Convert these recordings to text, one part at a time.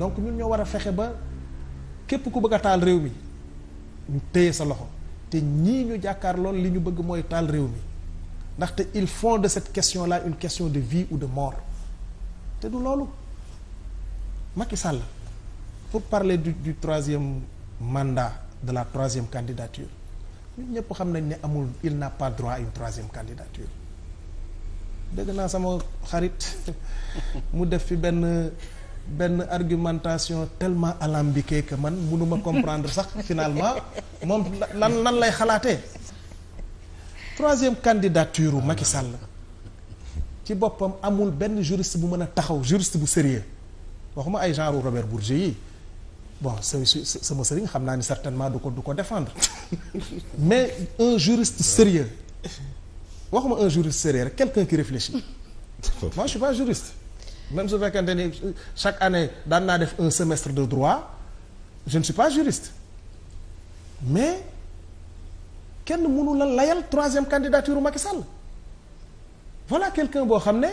donc ñun ñoo war a fexe ba képp ku bëgg a taal réew mi ñu téye sa loxo te ñii ñu jàkkaar lool li ñu bëgg mooy taal réew mi ndaxte il font de cette question là une question de vie ou de mort te du loolu Macky sàll pour parler du du mandat de la troisième candidature ñun ñëpp xam nañ ne amul il n'a pas droit une troisième candidature dégg naa sama xarit mu def fi benn. benn argumentation tellement alambiquée que man mënuma comprendre sax finalement moom lan lan lay xalaatee troisième candidature u Macky Sall ci boppam amul benn juriste bu mën a taxaw juriste bu sérieux waxuma ay genre Robert Bourget yi bon sama sëriñ xam naa ni certainement du ko du ko défendre mais un juriste sérieux waxuma un juriste sérieux rek quelqu'un qui réfléchit moi je pas juriste même su fekkente ni chaque année daan naa def un semestre de droit je ne suis pas juriste mais kenn mënu la layal troisième candidature Macky Sall voilà quelqu'un boo xam ne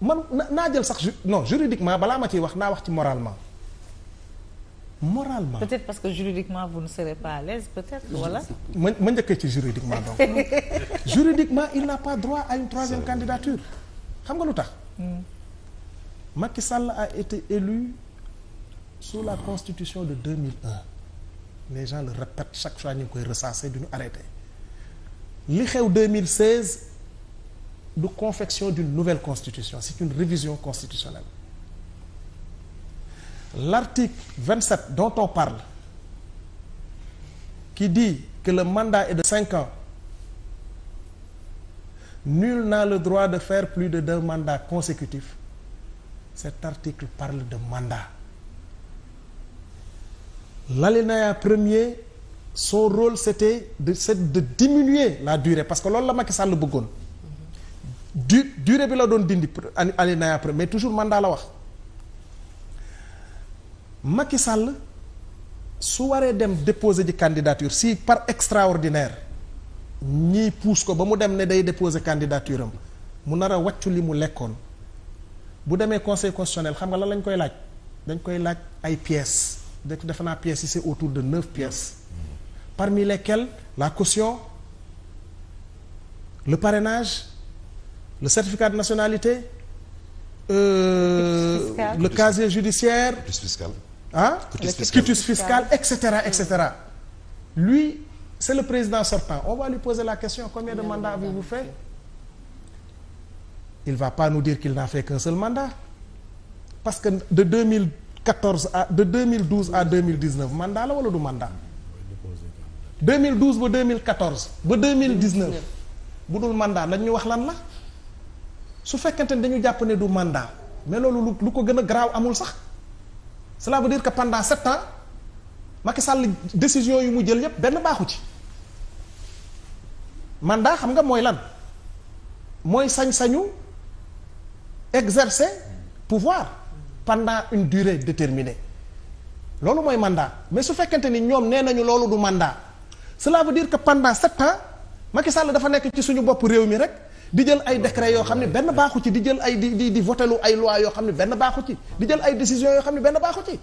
man naa jël sax non juridiquement balaa ma ciy wax naa wax ci moralement moralement. peut-être parce que juridiquement vous ne serez pas à l'aise peut-être ma ma njëkkee ci juridiquement donc juridiquement il n'a pas droit à une troisième candidature xam nga lu tax. Hmm. Macky Sall a été élu sous la constitution de 2001 les gens le répètent chaque fois ñu ngi koy ressasser duñu arrêté li xew 2016 du confection d'une nouvelle constitution c'est une révision constitutionnelle l'article 27 dont on parle qui dit que le mandat est de cinq ans nul n'a le droit de faire plus de deux mandats consécutifs cet article parle de mandat l'alinéa premier son rôle c'était de c'est de diminuer la durée parce que loolu la Macky Sall bëggoon du durée bi la doon dindi alinéa premier mais toujours mandat la wax Macky sàll su waree dem déposé ji candidature si par extraordinaire ñii pousse ko ba mu dem ne day déposé candidature am mu nar a wàccu li mu lekkoon bu demee conseil constitutionnel xam nga lan lañ koy laaj dañ koy laaj ay pièces def defe naa pièces yi c'est autour de neuf pièces parmi lesquelles la caution le parenage le certificat nationalité euh, le casier judiciaire ah quitus fiscal et cetera et cetera mm. lui c'est le président sortant on va lui la question combien de mandats avez-vous fait il va pas nous dire qu'il n'a fait qu'un seul mandat parce que de 2014 à de 2012 à 2019 mandat la wala du mille 2012 ba 2014 ba 2019 bu dul mandat lañ ñu wax lan la su fekkente ni dañu jàpp ne du mandat mais loolu lu ko gën a garaaw amul sax cela veut dire que pendant sept ans Macky Sall décision yu mu jël yëpp benn baaxu ci mandat xam nga mooy lan mooy sañ-sañu exercer pouvoir pendant une durée déterminée loolu mooy mandat mais su fekkente ni ñoom nee nañu loolu du mandat cela veut dire que pendant sept ans Macky Sall dafa nekk ci suñu bopp réew mi rek di jël ay décret yoo xam ne benn baaxu ci di jël ay di di di votelu ay loi yoo xam ne benn baaxu ci di jël ay décision yoo xam ne benn baaxu ci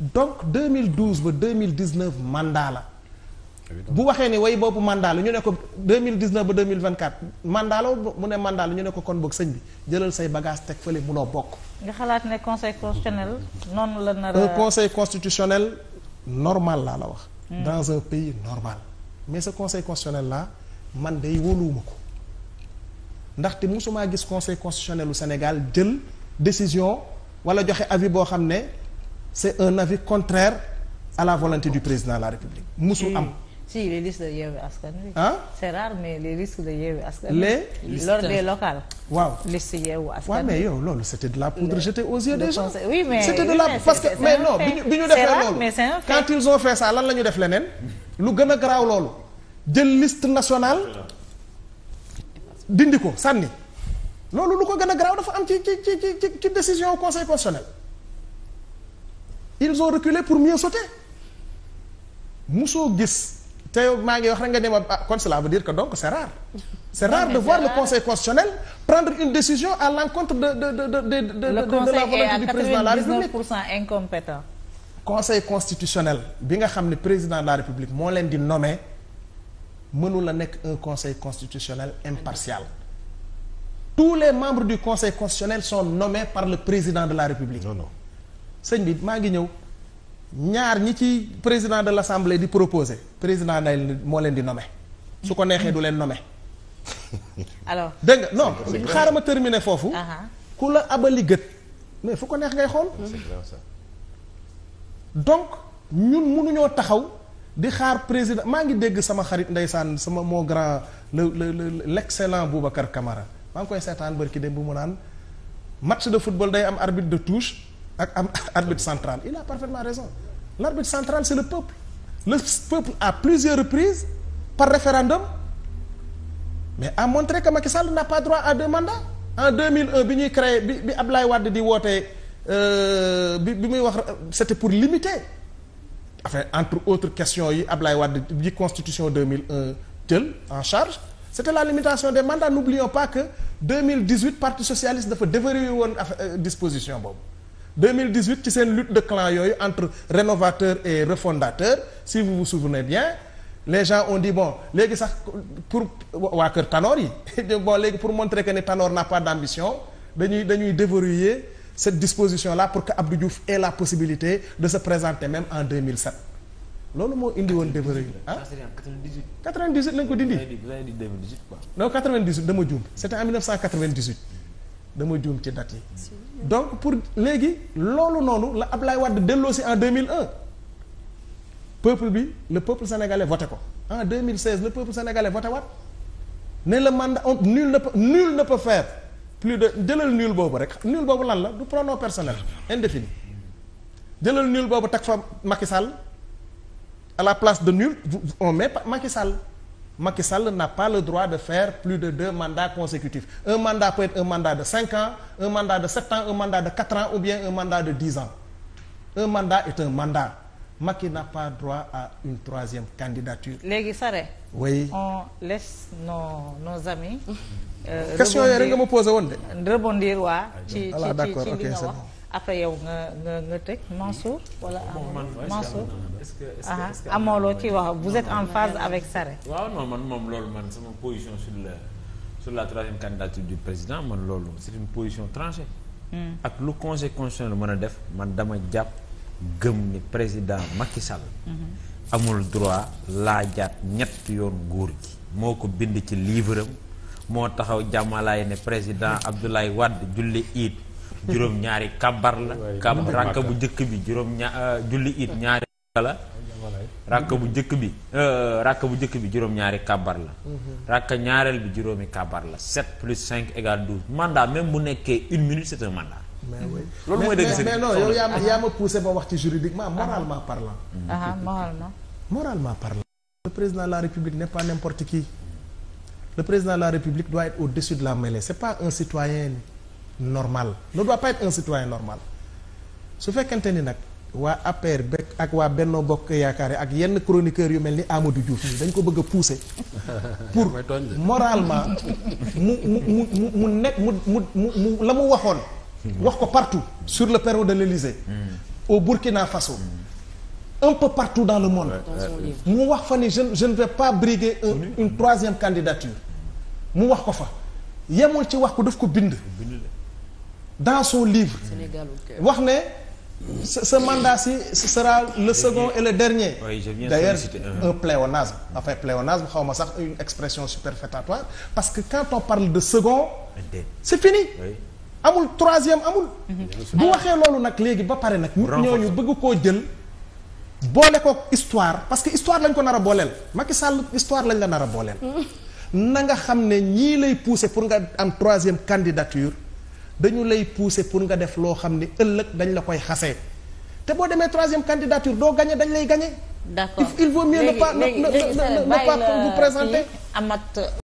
donc 2012 ba 2019 mandat la bu waxee ne way boobu mandat la ñu ne ko 2019 ba 2024 mandat la mu ne mandat la ñu ne ko kon boog sëñ bi jëlal say bagage teg fële munoo bokk. nga xalaat ne conseil constitutionnel noonu la nar un conseil constitutionnel normal laa la wax. Hmm. dans un pays normal. mais ce conseil constitutionnel là man day wóoluwuma ko ndaxte mosumaa gis conseil constitutionnel u Sénégal jël décision wala joxe avis boo xam ne c'est un avis contraire à la volonté du président la République. mosul hmm. am. si les listes de Yewwi Askan Wi. ah c'est mais les listes de Yewwi Askan Wi. les lors des locales. waaw liste Yewwi Askan Wi. waaw mais yow loolu c'était de la poudre jetée aux yeux des gens. oui mais de la parce que mais non bi ñu defee loolu. def leneen. lu gën a garaaw loolu. jël liste nationale. dindi ko sànni. loolu lu ko gën a garaaw dafa am ci ci ci ci ci décision conseil constitutionnel. ils ont reculé pour mieux sauter. musoo gis. te yow maa ngi wax rek nga ne ma ah, kon cela veut dire que donc c'est rare. c'est rare de conseil constitutionnel prendre une décision à l'encontre de de de de de de la volonté du président de conseil constitutionnel bi nga xam ne président de la République moo leen di nommer mënul a nekk un conseil constitutionnel impartial. tous les membres du conseil constitutionnel sont nommés par le président de la République. non non sëñ bi maa ngi ñëw. ñaar ñi ci président de l'assemblée di proposer président day moo leen di nome su ko neexee du leen nome alors dégg nga non xaaral ma terminer foofu. Uh-huh. ku la abali gët mais fu ko neex ngay xool. donc ñun mënuñoo taxaw di xaar président maa ngi dégg sama xarit ndeysaan sama moo grand le le le l'excellent Boubacar Camara maa ngi koy seetaan bërki dem bu mu naan match de football day am arbitre de touche. ak am arbitre central il a parfaitement raison l' arbitre central c' est le peuple le peuple à plusieurs reprises par référendum mais a montré que Macky Sall n'a pas droit à deux mandats en bi ñuy créé bi bi Ablaye Wade di wootee euh, bi bi muy wax c' pour limiter enfin entre autres questions yi Ablaye Wade di constitution 2001 jël en charge c' était la limitation des mandats n'oublions pas que 2018 parti socialiste dafa déverrouillé woon euh, disposition boobu 2018 ci seen lutte de clans yooyu entre rénovateur et refondateur si vous vous souvenez bien les gens ont dit bon léegi sax pour waa kër Tanor yi bon léegi pour montrer que ne Tanor n'a pas d'ambition dañuy dañuy déverrouiller cette disposition là pour que Abdou Diouf la possibilité de se présenter même en 2007 loolu moo indi woon déverrouiller ah 98 ah, 98 lañ ko dindi non 98 dama juum c'était en 1998 dama juum ci date yi. donc pour léegi loolu noonu la ab Ablaye Wade delloo si en mille 2001. peuple bi le peuple sénégalais voté ko en 2016 le peuple sénégalais voté waat ne le mandat on nul ne peut nul ne peut plus de jëlal nuul boobu rek nul boobu lan la du pronom personnel indéfini jëlal nul boobu teg fa Macky Sall à la place de nul on met Macky Sall. Macky Sall n'a pas le droit de faire plus de deux mandats consécutifs un mandat peut être un mandat de cinq ans un mandat de sept ans un mandat de quatre ans ou un mandat de dix ans un mandat est un mandat Macky n'a droit à une troisième candidature. léegi Sare. oui on laisse nos nos amis. Euh, question yooyu nga ma posé woon de. rebondir waa. ci ah, ci ci li nga wax après yow nga nga nga tëj Mansour. Hmm. wala que est que amoo loo ci wax vous en phase avec man moom loolu man sama position sur la sur la troisième candidature du président man loolu c'est une position tranchée. Hmm. ak lu conseil constitutionnel mën a def man dama jàpp gëm ni président Macky Sall. Hmm. amul droit laajaat ñett yoon nguur gi. moo ko bind ci livre moo taxaw jàmmalaay ne président Abdoulaye Wade julli iid juróom ñaari kabar la kab euh, rakk bu njëkk bi juróom ñaar julli it ñaari bu njëkk bi rakk bu njëkk bi juróom ñaari kabar la mhm. rakk ñaareel bi juróomi kabar la 7 plus 5 égale 12 mandat même bu nekkee une minute c'est un mandat mais loolu mooy dëgg mais non yaa ma yaa ma wax ci juridiquement moralement parlant. Ah, ah moralement. moralement parlant. le président de la république n'est pas n'importe qui. le président la république doit être au-dessus de la mêlée c'est pas un citoyen. normal ne doit pas être un citoyen normal su fekkente ni nag waa APR bekk ak waa Benno Bokk Yaakaar ak yenn chroniqueur yu mel ni Amadou Diouf ñi dañ ko bëgg a pousser pour moralement mu mu mu mu nekk mu mu mu la mu waxoon wax ko partout sur le perron de l'Élysée mm. au Burkina Faso mm. un peu partout dans le monde mu wax fa ni je ne vais pas briguer mm. une troisième candidature mu wax ko fa yemul ci wax ko def ko bind dans son livre wax ne sa mandat-ci sera le second et le dernier d'ailleurs un pléonasme enfin pléonasme xaw ma sax une expression superfétatoire parce que quand on parle de second c'est fini amul troisième amul mhm. bu waxee loolu nag léegi ba pare nag nit ñooñu bëgg koo jël boole ko histoire parce que histoire lañ ko nar a booleel Macky sàll histoire lañ la nar a booleel mhm. na nga xam ne ñii lay pousser pour nga am troisième candidature dañu lay pousser pour nga def loo xam ne ëllëg dañ la koy xasee te boo demee troisième candidature doo gagné dañ lay gagné. d'accord il vaut mieux ne pas ne pas vous présenter. amat